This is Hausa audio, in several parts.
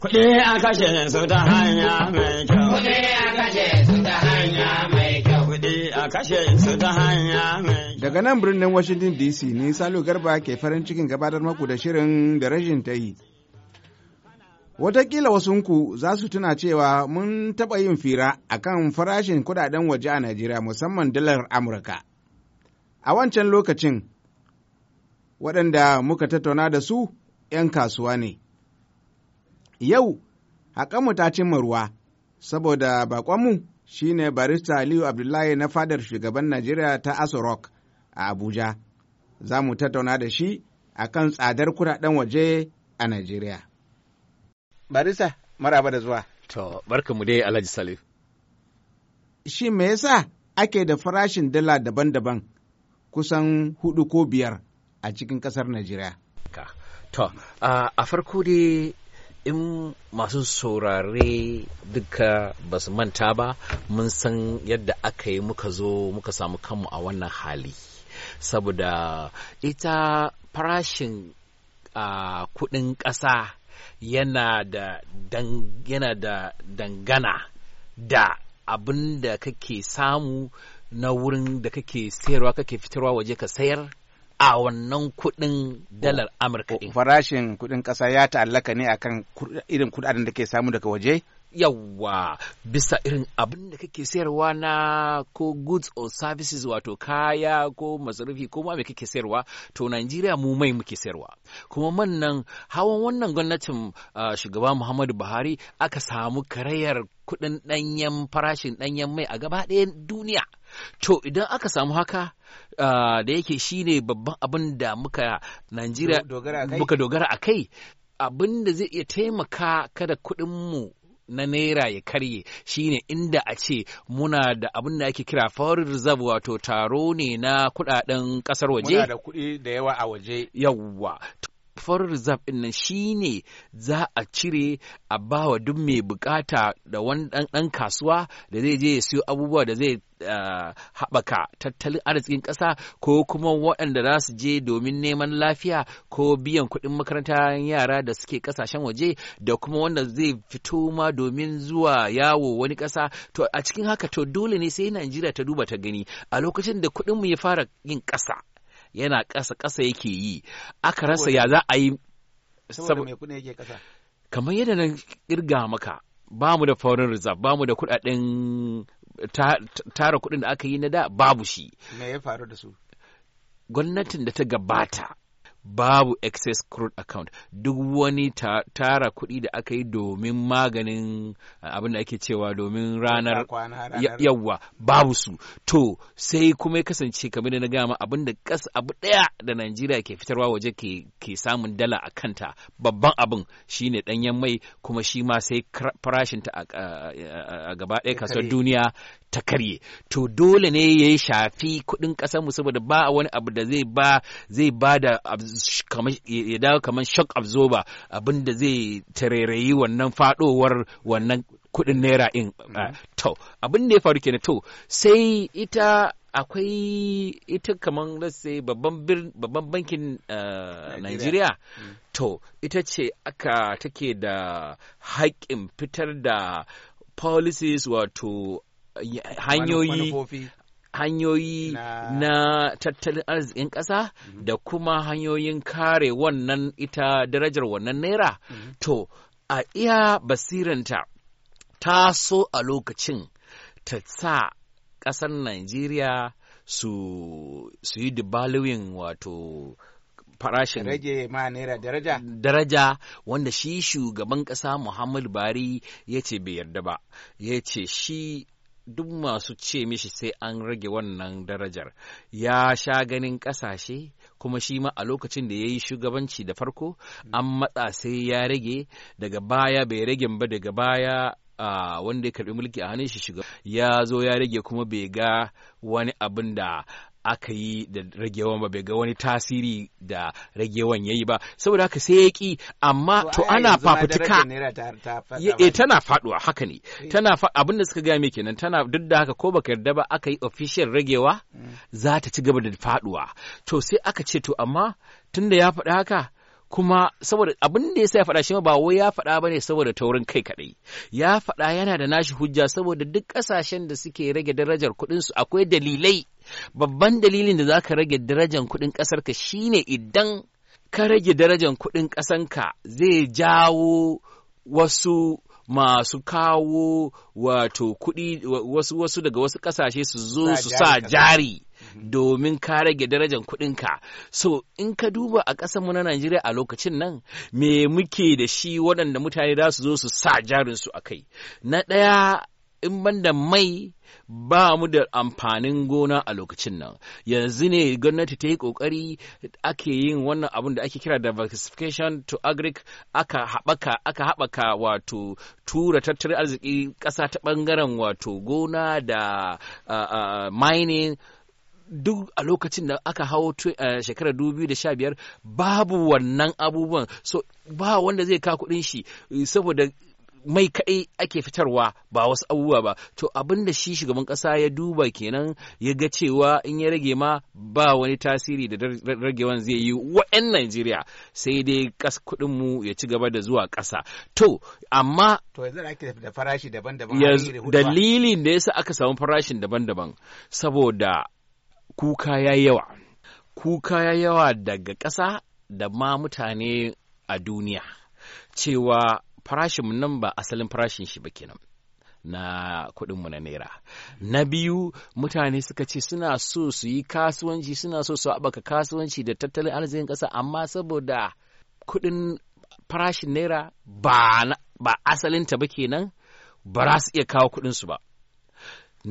Kuɗi a kashe su ta hanya mai kyau. Kuɗi a kashe su ta hanya mai kyau. Kuɗi a kashe su ta hanya mai kyau. Daga nan birnin Washington DC ne Salo Garba ke farin cikin gabatar maku da shirin da rashin ta yi. Wataƙila wasunku za su tuna cewa mun taɓa yin fira a kan farashin kudaden waje a Najeriya musamman dalar Amurka. A wancan lokacin, waɗanda muka tattauna da su ‘yan kasuwa ne. Yau, haƙanmu ta cimma ruwa, saboda baƙonmu shi ne barista Aliyu Abdullahi na fadar shugaban Najeriya ta Aso Rock a Abuja. Za mu tattauna da shi a kan tsadar kuɗaɗen waje a Najeriya. Barista, maraba da zuwa. To, mu dai Alhaji Salif. Shi me yasa ake da farashin dala daban-daban kusan hudu ko biyar a cikin ƙasar Najeriya? To, a farko dai in masu saurare duka ba su manta ba mun san yadda aka yi muka zo muka samu kanmu a wannan hali saboda ita farashin kudin ƙasa yana da dangana da abin da kake samu na wurin da kake sayarwa kake fitarwa waje ka sayar a wannan kuɗin dalar Amurka ɗin. Farashin kuɗin ƙasa ya ta'allaka ne akan irin kuɗaɗen da ke samu daga waje? yawwa bisa irin abin da kake sayarwa na ko goods or services wato kaya ko masarufi ko ma me kake sayarwa to Najeriya mu mai muke sayarwa kuma man hawan wannan gwamnatin shugaba Muhammadu Buhari aka samu karayar kuɗin ɗanyen farashin ɗanyen mai a gaba ɗayan duniya to idan aka samu haka da yake shine babban abin da muka Najeriya muka dogara a kai abin da zai iya taimaka kada kuɗinmu na naira ya karye shine inda a ce muna da abin da ake kira foreign reserve wato taro ne na kudaden kasar waje muna da kuɗi da yawa a waje yawa for reserve ɗin nan shine za a cire a bawa duk mai bukata da wani ɗan kasuwa da zai je ya siyo abubuwa da zai haɓaka tattalin arzikin ƙasa ko kuma waɗanda za su je domin neman lafiya ko biyan kuɗin makaranta yara da suke ƙasashen waje da kuma wanda zai fito ma domin zuwa yawo wani ƙasa to a cikin haka to dole ne sai Najeriya ta duba ta gani a lokacin da kuɗinmu ya fara yin ƙasa yana ƙasa ƙasa yake yi aka rasa ya za a yi saboda mai yake ƙasa kamar yadda nan ƙirga maka ba mu da foreign reserve ba mu da kuɗaɗen tara kuɗin da aka yi na da babu shi me ya faru da su gwamnatin da ta gabata babu excess crude account duk wani tara kuɗi da aka yi domin maganin uh, abin da ake cewa domin ranar yawwa babu su to sai kuma ya kasance kamar da na gama abin da kas abu ɗaya da Najeriya ke fitarwa waje ke samun dala a kanta babban abin shine ɗanyen mai kuma shi ma sai farashin ta a gaba ɗaya kasuwar duniya ta karye to dole ne ya shafi kuɗin ƙasarmu saboda ba wani abu da zai ba da ya dawo kamar shock absorber abinda zai tarairayi wannan fadowar wannan kuɗin naira in uh, mm-hmm. to abin da ya faru kenan to sai ita akwai ita kamar sai babban bankin uh, Najeriya mm. to ita ce aka take da haƙƙin fitar da policies wato hanyoyi hanyoyi na, tattalin arzikin ƙasa mhm. da kuma hanyoyin kare wannan ita darajar wannan naira mhm. to a iya basiranta ta so a lokacin ta sa ƙasar Najeriya su, yi dibaluwin wato farashin rage ma naira daraja daraja wanda shi shugaban ƙasa Muhammadu Bari ya ce bai yarda ba ya ce shi duk masu ce mishi sai an rage wannan darajar ya sha ganin ƙasashe kuma shi ma a lokacin da ya yi shugabanci da farko an matsa sai ya rage daga baya bai rage ba daga baya wanda ya karbi mulki a hannun shi shiga ya zo ya rage kuma bai ga wani abin da aka yi da ragewan ba bai ga wani tasiri da ragewan ya yi ba saboda haka sai ya ki amma to ana fafutuka e tana faduwa haka ne eh. tana abin da suka gaya mai kenan tana duk da haka ko baka yarda ba aka yi official ragewa mm. za ta ci gaba da faduwa to sai aka ce to amma tunda ya faɗi haka kuma saboda abin da ya sa ya faɗa shi ba wai ya faɗa bane saboda taurin kai kaɗai ya faɗa yana da nashi hujja saboda duk ƙasashen da suke rage darajar kuɗin su akwai dalilai babban dalilin da zaka rage darajar kuɗin ƙasar ka shine idan ka rage darajar kuɗin ƙasar ka zai jawo wasu masu kawo wato kuɗi wasu wasu daga wasu ƙasashe su zo su sa jari domin ka rage darajar kuɗinka so in ka duba a ƙasar mu na Najeriya a lokacin nan me muke da shi waɗanda mutane za su zo su sa jarin su kai na ɗaya in banda mai ba mu da amfanin gona a lokacin nan yanzu ne gwamnati ta yi kokari ake yin wannan abin da ake kira diversification to agric aka haɓaka aka haɓaka wato tura tattalin arziki ƙasa ta ɓangaren wato gona da uh, mining duk a lokacin da aka hawo eh, shekarar da 2015 babu wannan abubuwan so ba wanda zai ka kuɗin shi eh, saboda mai kaɗai ake fitarwa ba wasu abubuwa ba to abin shi shugaban ƙasa ya duba kenan ya ga cewa in ya rage ma ba wani tasiri da ragewan zai yi wa'yan Najeriya sai dai kas mu ya ci gaba da zuwa ƙasa to amma to yanzu ake da farashi daban-daban dalilin da yasa aka samu farashin daban-daban saboda kuka ya yawa kuka ya yawa daga ƙasa da ma mutane a duniya cewa farashin nan ba asalin farashin shi ba kenan na kuɗinmu na naira na biyu mutane suka ce suna so su yi kasuwanci suna so su haɓaka kasuwanci da tattalin arzikin ƙasa amma saboda kuɗin farashin naira ba, ba asalinta ba kenan ba za su iya kawo kuɗinsu ba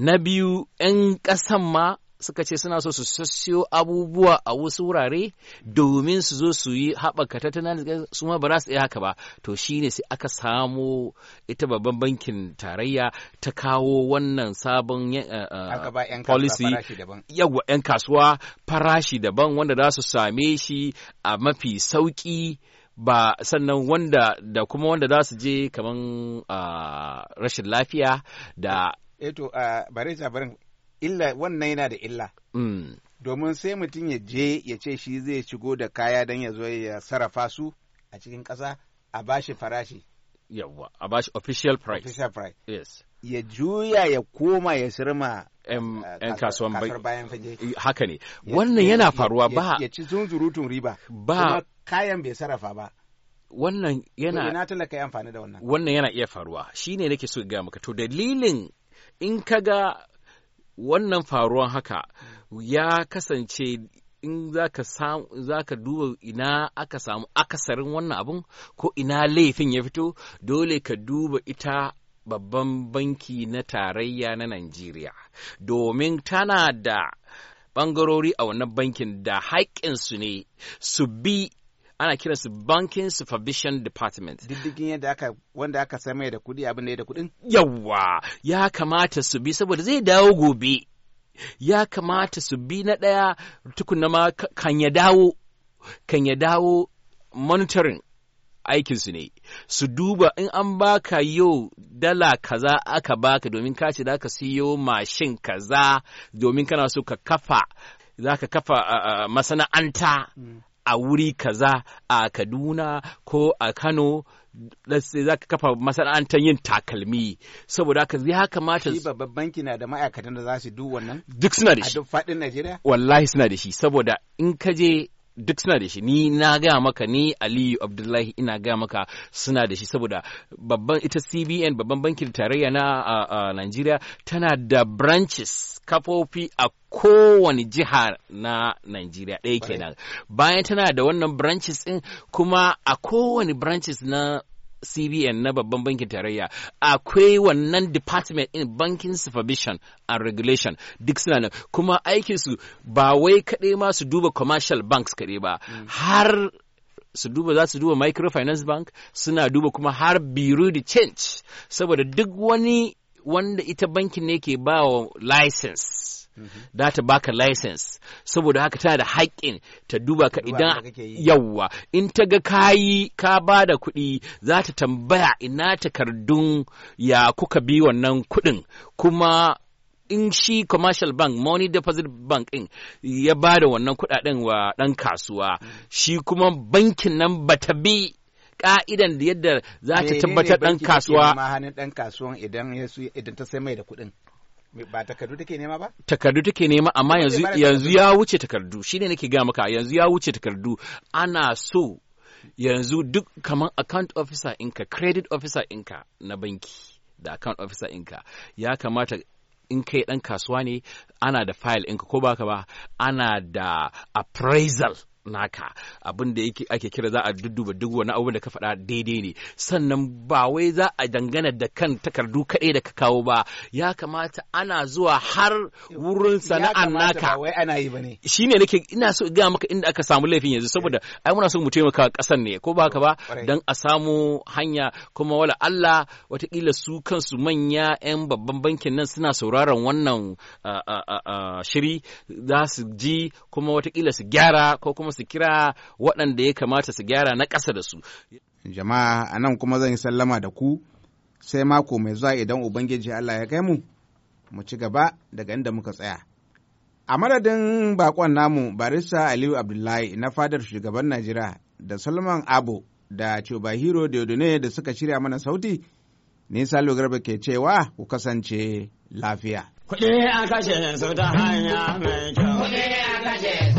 na biyu 'yan ƙasan ma suka ce suna so su sassiyo abubuwa a wasu wurare domin su zo su yi haɓaka tattalin su ma ba za su iya haka ba to shi ne sai aka samo ita babban bankin tarayya ta kawo wannan sabon eh, eh, policy yawa 'yan kasuwa farashi daban wanda za su same shi a mafi sauki ba sannan wanda da kuma wanda za su je kaman ah, rashin lafiya da eto eh uh, ah, bare barin illa wannan yana da illa mm. domin sai mutum ya je ya ce shi zai shigo da kaya don ya zo ya sarrafa su a cikin ƙasa a bashi farashi yawwa a bashi official price official price yes ya juya ya koma ya sirma yan eh, kasuwan bayan fage eh, haka ne wannan yana faruwa ba ya ci zunzurutun riba ba kayan bai sarrafa ba wannan yana na talaka yi amfani da wannan wannan yana iya faruwa shine nake so ga maka to dalilin in kaga wannan faruwan haka ya kasance in za ka duba ina aka samu akasarin wannan abun ko ina laifin ya fito dole ka duba ita babban banki na tarayya na Najeriya domin tana da ɓangarori a wannan bankin da haƙƙinsu ne su bi ana kiransu banking supervision department diddigin yadda aka wanda aka samar da kudi abin da ya da kudin Yawwa, ya kamata su bi saboda zai dawo gobe ya kamata su bi na ɗaya tukuna ma kan ya dawo kan ya dawo monitoring aikinsu ne su duba in an baka yau dala kaza aka baka domin kace ce za ka siyo mashin kaza domin kana so ka kafa za ka kafa masana'anta mm. a wuri kaza a Kaduna ko a Kano sai za ka kafa masana'antar yin takalmi saboda haka ya kamata shi babban banki na da ma'aikatan da za su duk wannan duk suna da shi a duk faɗin Najeriya wallahi suna da shi saboda in ka je duk suna da shi ni na gaya maka ni aliyu abdullahi ina gaya maka suna da shi saboda babban ita cbn babban bankin tarayya na a nigeria tana da branches kafofi a kowane jiha na nigeria ɗaya kenan bayan tana da wannan branches ɗin kuma a kowane branches na CBN na babban bankin tarayya akwai wannan department in banking supervision and regulation duk suna nan kuma aikin su ba wai kaɗai ma su duba commercial banks kaɗai ba mm. har su duba za su duba microfinance bank suna duba kuma har biru de change saboda duk wani wanda ita bankin ne ke ba wa license da mhm. ta baka license saboda haka tana da haƙƙin ta duba ka idan yawwa in ta ga kayi ka ba da kuɗi za ta tambaya ina takardun ya kuka bi wannan kuɗin kuma in shi commercial bank money deposit bank in ya ba da wannan kuɗaɗen wa ɗan kasuwa mm. shi kuma bankin nan ba ta bi ka'idan da yadda za ta tabbatar ɗan kasuwa ma hannun dan kasuwan idan idan ta sai mai da kuɗin ba takardu take nema ba takardu take nema amma yanzu ya wuce takardu shine nake ga maka yanzu ya wuce takardu ana so yanzu duk kaman account officer inka credit officer inka na banki da account officer inka ya kamata in kai dan kasuwa ne ana da file inka ko baka ba ana da appraisal naka abin da ake kira za a dudduba duk wani abu da ka faɗa daidai ne sannan ba wai za a dangana da kan takardu kaɗai da ka kawo ba ya kamata ana zuwa har wurin sana'an naka wai ana yi bane shine nake ina so ga maka inda aka samu laifin yanzu saboda eh. ai muna so mu taimaka ƙasan ne ko ba haka ba dan a samu hanya kuma wala Allah watakila su kansu manya 'yan babban bankin nan suna sauraron wannan shiri za su ji kuma watakila su gyara ko kuma su kira waɗanda ya kamata su gyara na ƙasa da su. Jama'a a nan kuma zan yi sallama da ku sai mako mai zuwa idan Ubangiji Allah ya kai mu, mu ci gaba daga inda muka tsaya. A madadin baƙon namu Barista Aliyu Abdullahi na fadar shugaban Najeriya da Salman Abo da Chubahiro Diodone da suka shirya mana sauti, ni Salo Garba ke cewa ku kasance lafiya. Kuɗi a kashe su ta hanya mai kyau. Kuɗi a kashe su.